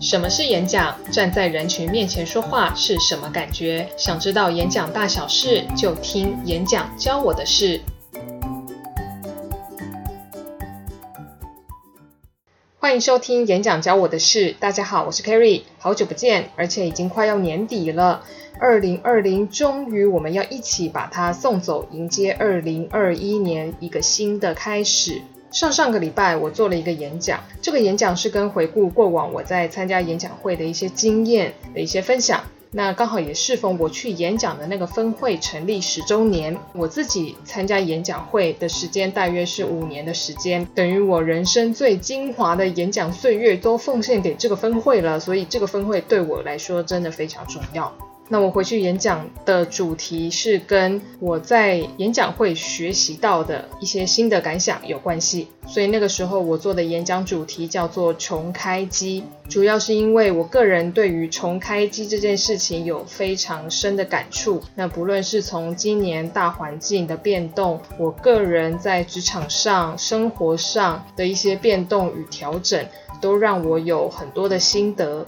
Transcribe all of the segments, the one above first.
什麼是演講？站在人群面前說話，是什麼感覺？想知道演講大小事，就聽《演講教我的事》。歡迎收聽《演講教我的事》。大家好，我是 Kerry。好久不見，而且已經快要年底了。二零二零，終於我們要一起把它送走，迎接二零二一年一個新的開始。上上個禮拜，我做了一個演講。這個演講是跟回顧過往我在參加演講會的一些經驗的一些分享。那剛好也適逢我去演講的那個分會成立十週年。我自己參加演講會的時間大約是五年的時間，等於我人生最精華的演講歲月都奉獻給這個分會了。所以這個分會對我來說真的非常重要。那我回去演講的主題是跟我在演講會學習到的一些新的感想有關係，所以那個時候我做的演講主題叫做“重開機”，主要是因為我個人對於“重開機”這件事情有非常深的感觸。那不論是從今年大環境的變動，我個人在職場上、生活上的一些變動與調整，都讓我有很多的心得。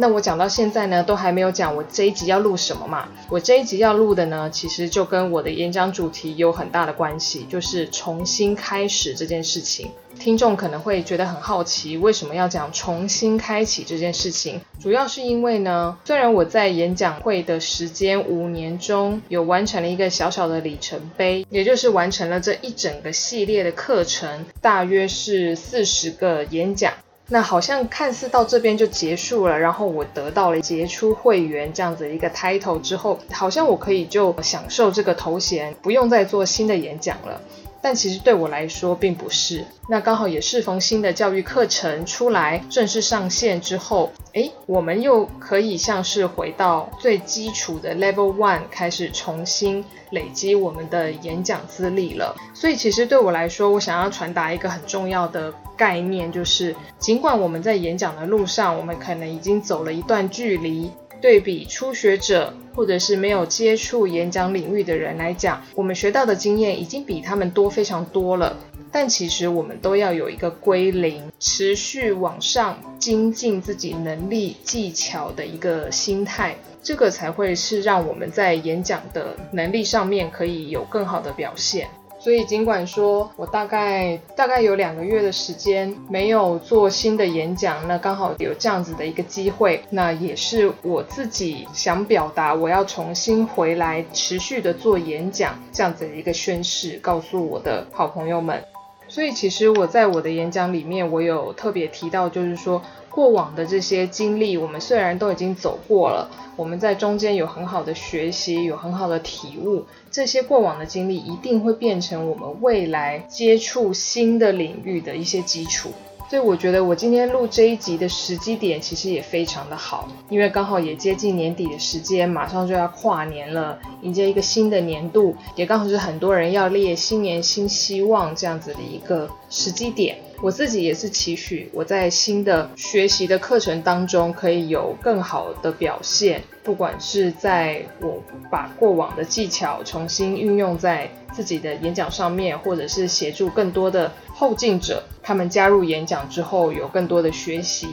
那我講到現在呢，都還沒有講我這一集要錄什麼嘛。我這一集要錄的呢，其實就跟我的演講主題有很大的關係，就是重新開始這件事情。聽眾可能會覺得很好奇，為什麼要講重新開啟這件事情？主要是因為呢，雖然我在演講會的時間五年中，有完成了一個小小的里程碑，也就是完成了這一整個系列的課程，大約是四十個演講。那好像看似到這邊就結束了，然後我得到了傑出會員這樣子一個 title 之後，好像我可以就享受這個頭銜，不用再做新的演講了。但其實對我來說並不是。那剛好也是逢新的教育課程出來正式上線之後，哎，我們又可以像是回到最基礎的 Level One 開始重新累積我們的演講資歷了。所以其實對我來說，我想要傳達一個很重要的概念，就是儘管我們在演講的路上，我們可能已經走了一段距離。對比初學者或者是沒有接觸演講領域的人來講，我們學到的經驗已經比他們多非常多了，但其實我們都要有一個歸零，持續往上精進自己能力技巧的一個心態，這個才會是讓我們在演講的能力上面可以有更好的表現。所以，儘管說我大概大概有兩個月的時間沒有做新的演講，那剛好有這樣子的一個機會，那也是我自己想表達，我要重新回來，持續的做演講這樣子的一個宣誓，告訴我的好朋友們。所以，其實我在我的演講裡面，我有特別提到，就是說過往的這些經歷，我們雖然都已經走過了，我們在中間有很好的學習，有很好的體悟，這些過往的經歷一定會變成我們未來接觸新的領域的一些基礎。所以我覺得我今天錄這一集的時機點其實也非常的好，因為剛好也接近年底的時間，馬上就要跨年了，迎接一個新的年度，也剛好是很多人要列新年新希望這樣子的一個時機點。我自己也是期許我在新的學習的課程當中可以有更好的表現，不管是在我把過往的技巧重新運用在自己的演講上面，或者是協助更多的後進者，他們加入演講之後有更多的學習。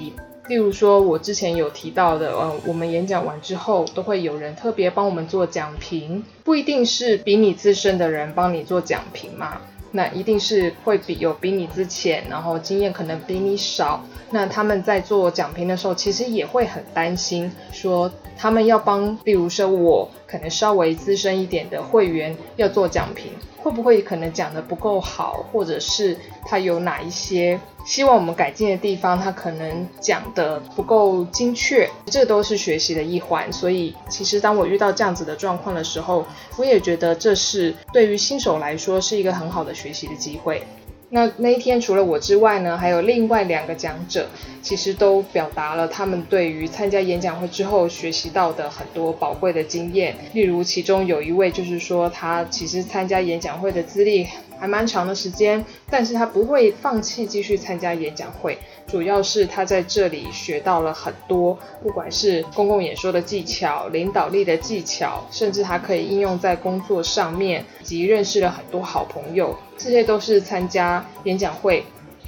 例如說，我之前有提到的，呃，我們演講完之後都會有人特別幫我們做講評，不一定是比你資深的人幫你做講評嘛。那一定是會比有比你資淺，然後經驗可能比你少，那他們在做講評的時候，其實也會很擔心，說他們要幫，比如說我可能稍微資深一點的會員要做講評。會不會可能講的不夠好，或者是他有哪一些希望我們改進的地方？他可能講的不夠精確，這都是學習的一環。所以，其實當我遇到這樣子的狀況的時候，我也覺得這是對於新手來說是一個很好的學習的機會。那那一天，除了我之外呢，還有另外兩個講者，其實都表達了他們對於參加演講會之後學習到的很多寶貴的經驗。例如，其中有一位就是說，他其實參加演講會的資歷，還蠻長的時間，但是他不會放棄繼續參加演講會，主要是他在這裡學到了很多，不管是公共演說的技巧、領導力的技巧，甚至他可以應用在工作上面，以及認識了很多好朋友，這些都是參加演講會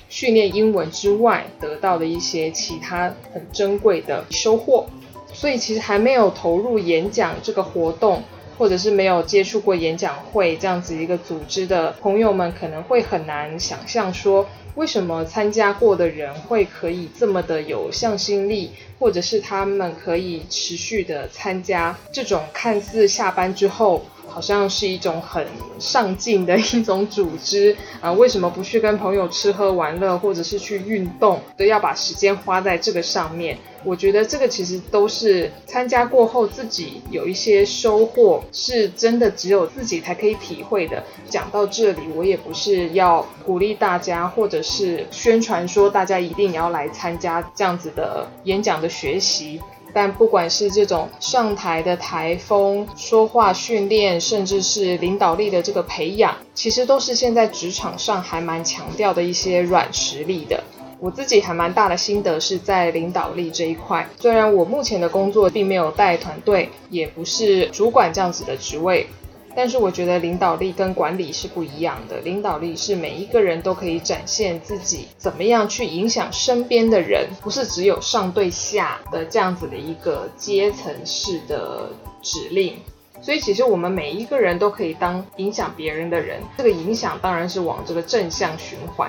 訓練英文之外得到的一些其他很珍貴的收穫，所以其實還沒有投入演講這個活動。或者是沒有接觸過演講會這樣子一個組織的朋友們，可能會很難想象說，為什麼參加過的人會可以這麼的有向心力，或者是他們可以持續的參加這種看似下班之後。好像是一種很上進的一種組織啊，為什麼不去跟朋友吃喝玩樂，或者是去運動？都要把時間花在這個上面。我覺得這個其實都是參加過後自己有一些收穫，是真的只有自己才可以體會的。講到這裡，我也不是要鼓勵大家，或者是宣傳說大家一定要來參加這樣子的演講的學習。但不管是這種上台的台風、說話訓練，甚至是領導力的這個培養，其實都是現在職場上還蠻強調的一些軟實力的。我自己還蠻大的心得是在領導力這一塊，雖然我目前的工作並沒有帶團隊，也不是主管這樣子的職位。但是我覺得領導力跟管理是不一樣的，領導力是每一個人都可以展現自己怎麼樣去影響身邊的人，不是只有上對下的這樣子的一個階層式的指令，所以其實我們每一個人都可以當影響別人的人，這個影響當然是往這個正向循環。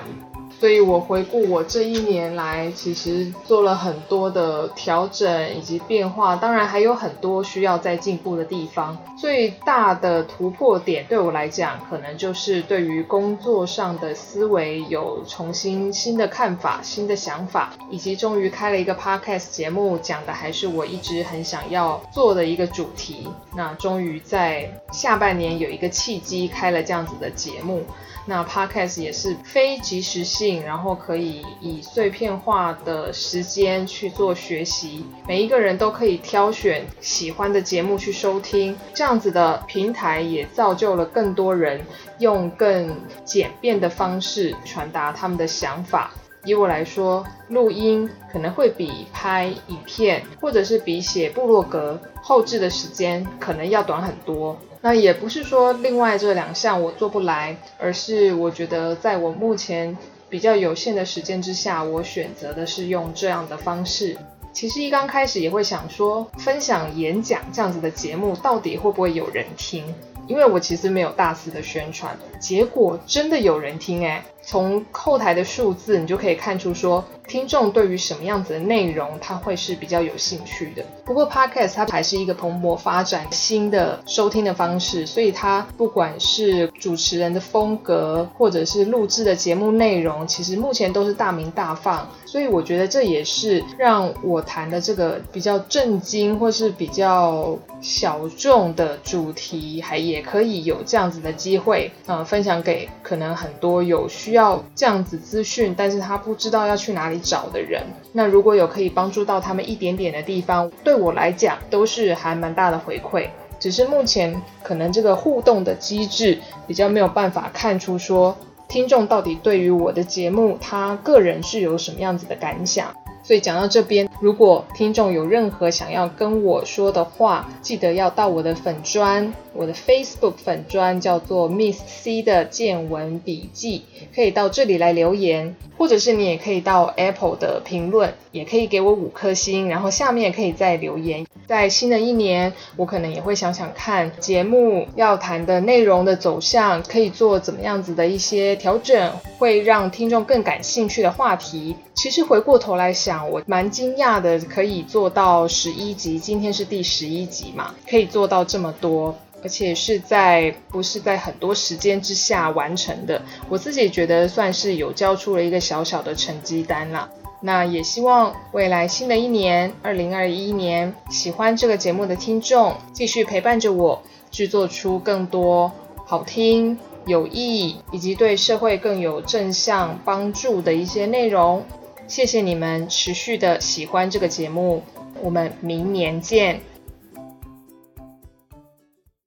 所以我回顧我這一年來，其實做了很多的調整以及變化，當然還有很多需要再進步的地方。最大的突破點對我來講，可能就是對於工作上的思維有重新新的看法、新的想法，以及終於開了一個 Podcast 節目，講的還是我一直很想要做的一個主題。那終於在下半年有一個契機開了這樣子的節目。那 Podcast 也是非即時性。然後可以以碎片化的時間去做學習，每一個人都可以挑選喜歡的節目去收聽，這樣子的平台也造就了更多人用更簡便的方式傳達他們的想法。以我來說，錄音可能會比拍影片或者是比寫部落格後製的時間可能要短很多。那也不是說另外這兩項我做不來，而是我覺得在我目前。比較有限的時間之下，我選擇的是用這樣的方式。其實一剛開始也會想說，分享演講這樣子的節目到底會不會有人聽？因為我其實沒有大肆的宣傳。結果真的有人聽哎，從後台的數字你就可以看出，說聽眾對於什麼樣子的內容他會是比較有興趣的。不過 Podcast 它還是一個蓬勃發展新的收聽的方式，所以它不管是主持人的風格，或者是錄制的節目內容，其實目前都是大鳴大放。所以我覺得這也是讓我談的這個比較震驚或是比較小眾的主題，還也可以有這樣子的機會，嗯。分享給可能很多有需要這樣子資訊，但是他不知道要去哪裡找的人。那如果有可以幫助到他們一點點的地方，對我來講都是還蠻大的回饋。只是目前可能這個互動的機制比較沒有辦法看出說聽眾到底對於我的節目他個人是有什麼樣子的感想。所以講到這邊，如果聽眾有任何想要跟我說的話，記得要到我的粉專。我的 Facebook 粉專，叫做 Miss C 的見聞筆記，可以到這裡來留言，或者是你也可以到 Apple 的評論，也可以給我五顆星，然後下面也可以再留言。在新的一年，我可能也會想想看節目要談的內容的走向，可以做怎麼樣子的一些調整，會讓聽眾更感興趣的話題。其實回過頭來想，我蠻驚訝的，可以做到十一集，今天是第十一集嘛，可以做到這麼多。而且是在不是在很多時間之下完成的，我自己覺得算是有交出了一個小小的成績單了。那也希望未來新的一年，二零二一年，喜歡這個節目的聽眾繼續陪伴着我，製作出更多好聽、有意義以及對社會更有正向幫助的一些內容。謝謝你們持續的喜歡這個節目，我們明年見。